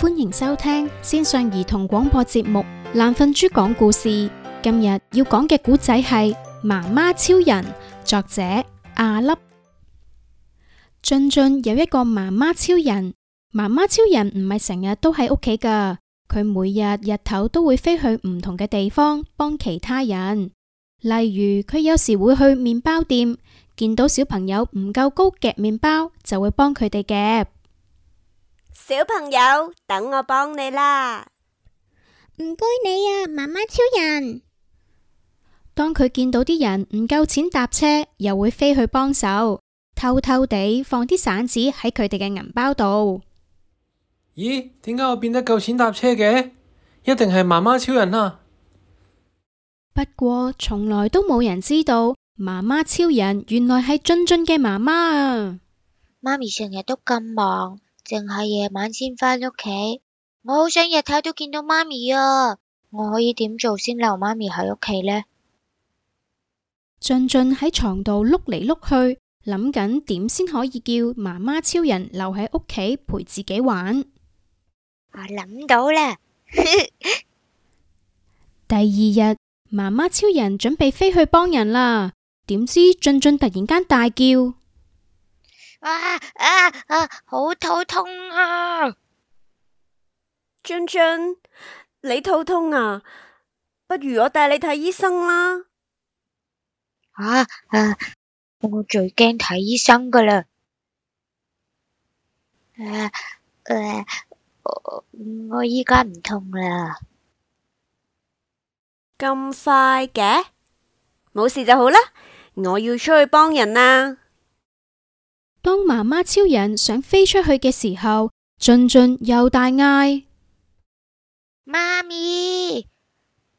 歡迎收聽綫上兒童廣播節目《爛瞓豬講故事》。今日要講嘅故仔係《媽媽超人》，作者阿、阿粒。俊俊有一個媽媽超人，媽媽超人唔係成日都喺屋企噶，佢每日日頭都會飛去唔同嘅地方幫其他人。例如，佢有時會去麵包店，見到小朋友唔夠高夾麵包，就會幫佢哋夾。小朋友，等我幫你啦！唔該你啊，媽媽超人。當佢見到啲人唔夠錢搭車，又會飛去幫手，偷偷地放啲散紙喺佢哋嘅銀包度。咦？點解我變得夠錢搭車嘅？一定係媽媽超人啦、啊！不過從來都冇人知道，媽媽超人原來係俊俊嘅媽媽啊！媽咪成日都咁忙。淨係夜晚先返屋企，我好想日頭都見到媽咪啊！我可以點做先留媽咪喺屋企呢？俊俊喺床度碌嚟碌去，諗緊點先可以叫媽媽超人留喺屋企陪自己玩。我諗到啦！ 第二日，媽媽超人準備飛去幫人啦，點知俊俊突然間大叫。啊啊啊！好頭痛啊！俊俊，你頭痛啊？不如我帶你睇醫生啦。啊啊！我最驚睇醫生㗎喇、啊啊。我我依家唔痛啦。咁快嘅？冇事就好啦。我要出去幫人啦。當媽媽超人想飛出去嘅時候，俊俊又大嗌：媽咪，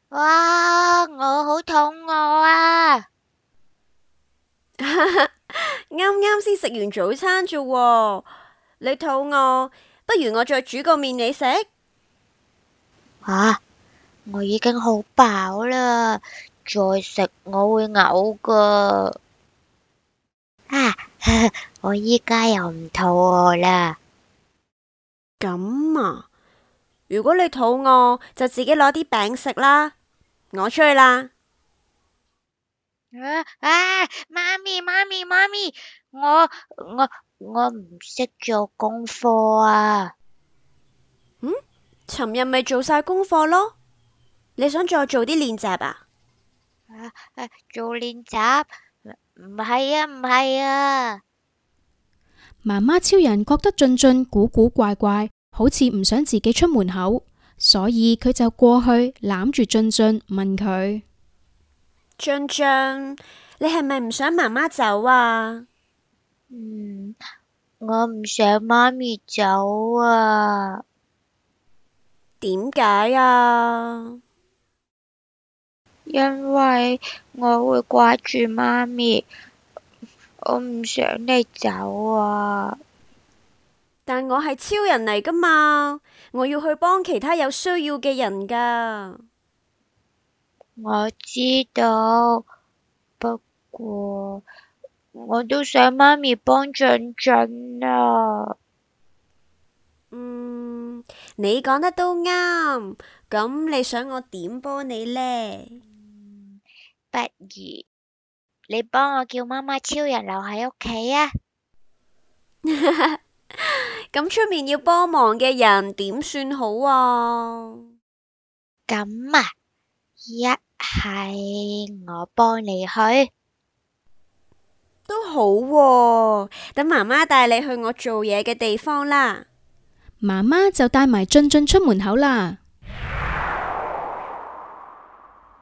哇！我好肚餓啊！哈哈，啱啱先食完早餐咋，你肚餓，不如我再煮個麵你食？啊，我已經好飽啦，再食我會嘔噶。啊！ 我依家又唔肚餓啦。咁啊，如果你肚餓，就自己攞啲餅食啦。我出去啦，啊。啊媽咪媽咪媽咪，我我我唔識做功課啊。嗯？尋日咪做晒功課咯。你想再做啲練習啊？做練習？唔係啊，唔係啊！媽媽超人覺得俊俊古古怪怪，好似唔想自己出門口，所以佢就過去攬住俊俊，俊俊問佢，俊俊，你係咪唔想媽媽走啊？嗯，我唔想媽咪走啊。點解啊？因為我會掛住媽咪，我唔想你走啊！但我係超人嚟噶嘛，我要去幫其他有需要嘅人噶。我知道，不過我都想媽咪幫俊俊啊。嗯，你講得都啱，咁你想我點幫你呢？不如你幫我叫媽媽超人留喺屋企啊！咁 出、嗯、面要幫忙嘅人點算好啊？咁啊，一係我幫你去，都好，喎，等媽媽帶你去我做嘢嘅地方啦。媽媽就帶埋俊俊出門口啦。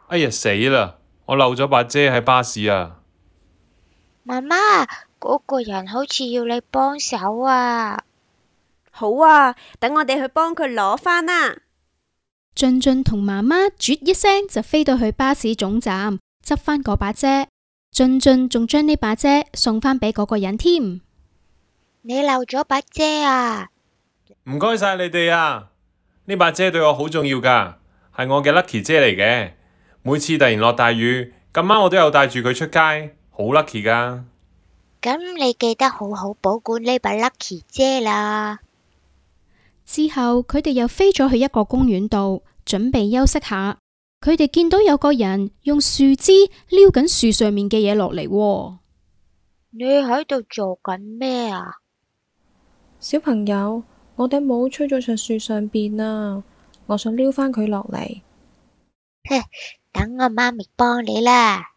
哎呀，死啦！.我漏咗把遮喺巴士啊！媽媽，嗰個人好似要你幫手啊！好啊，等我哋去幫佢攞翻啦！俊俊同媽媽啜一聲就飛到去巴士總站，執翻嗰把遮。俊俊仲將呢把遮送翻畀嗰個人添。你漏咗把遮啊！唔該晒你哋啊！呢把遮對我好重要噶，係我嘅 lucky 遮嚟嘅。每次突然落大雨，今晚我都有帶住佢出街，好 lucky 噶。咁你記得好好保管呢把 lucky 遮啦。之後佢哋又飛咗去一個公園度，準備休息下。佢哋見到有個人用樹枝撩緊樹上面嘅嘢落嚟。你喺度做緊咩啊？小朋友，我頂帽吹咗上樹上邊啦，我想撩返佢落嚟。 等我媽咪幫你啦！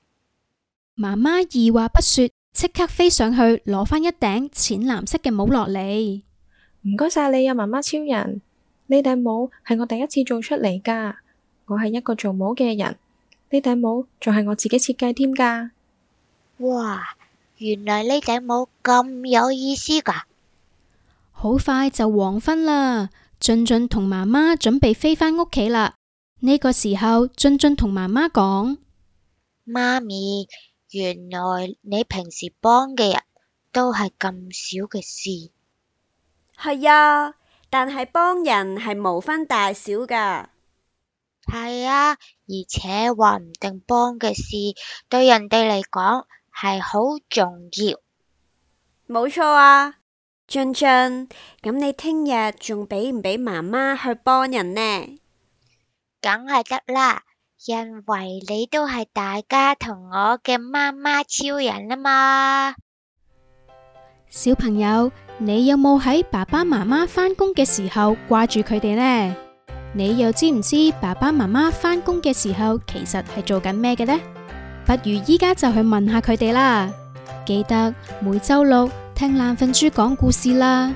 媽媽二話不說，即刻飛上去攞翻一頂淺藍色嘅帽落嚟。唔該晒你啊，媽媽超人！呢頂帽係我第一次做出嚟噶，我係一個做帽嘅人。呢頂帽仲係我自己設計添噶。哇！原來呢頂帽咁有意思噶！好快就黃昏啦，俊俊同媽媽準備飛翻屋企啦。呢個時候，俊俊同媽媽講：媽咪，原來你平時幫嘅人都係咁少嘅事。係呀、啊，但係幫人係無分大小噶。係啊，而且話唔定幫嘅事對人哋嚟講係好重要。冇錯啊，俊俊，咁你聽日仲俾唔俾媽媽去幫人呢？梗係得啦，因為你都係大家同我嘅媽媽超人吖嘛。小朋友，你有冇喺爸爸媽媽返工嘅時候掛住佢哋呢？你又知唔知爸爸媽媽返工嘅時候其實係做緊咩嘅呢？不如依家就去問下佢哋啦。記得每周六聽爛瞓豬講故事啦。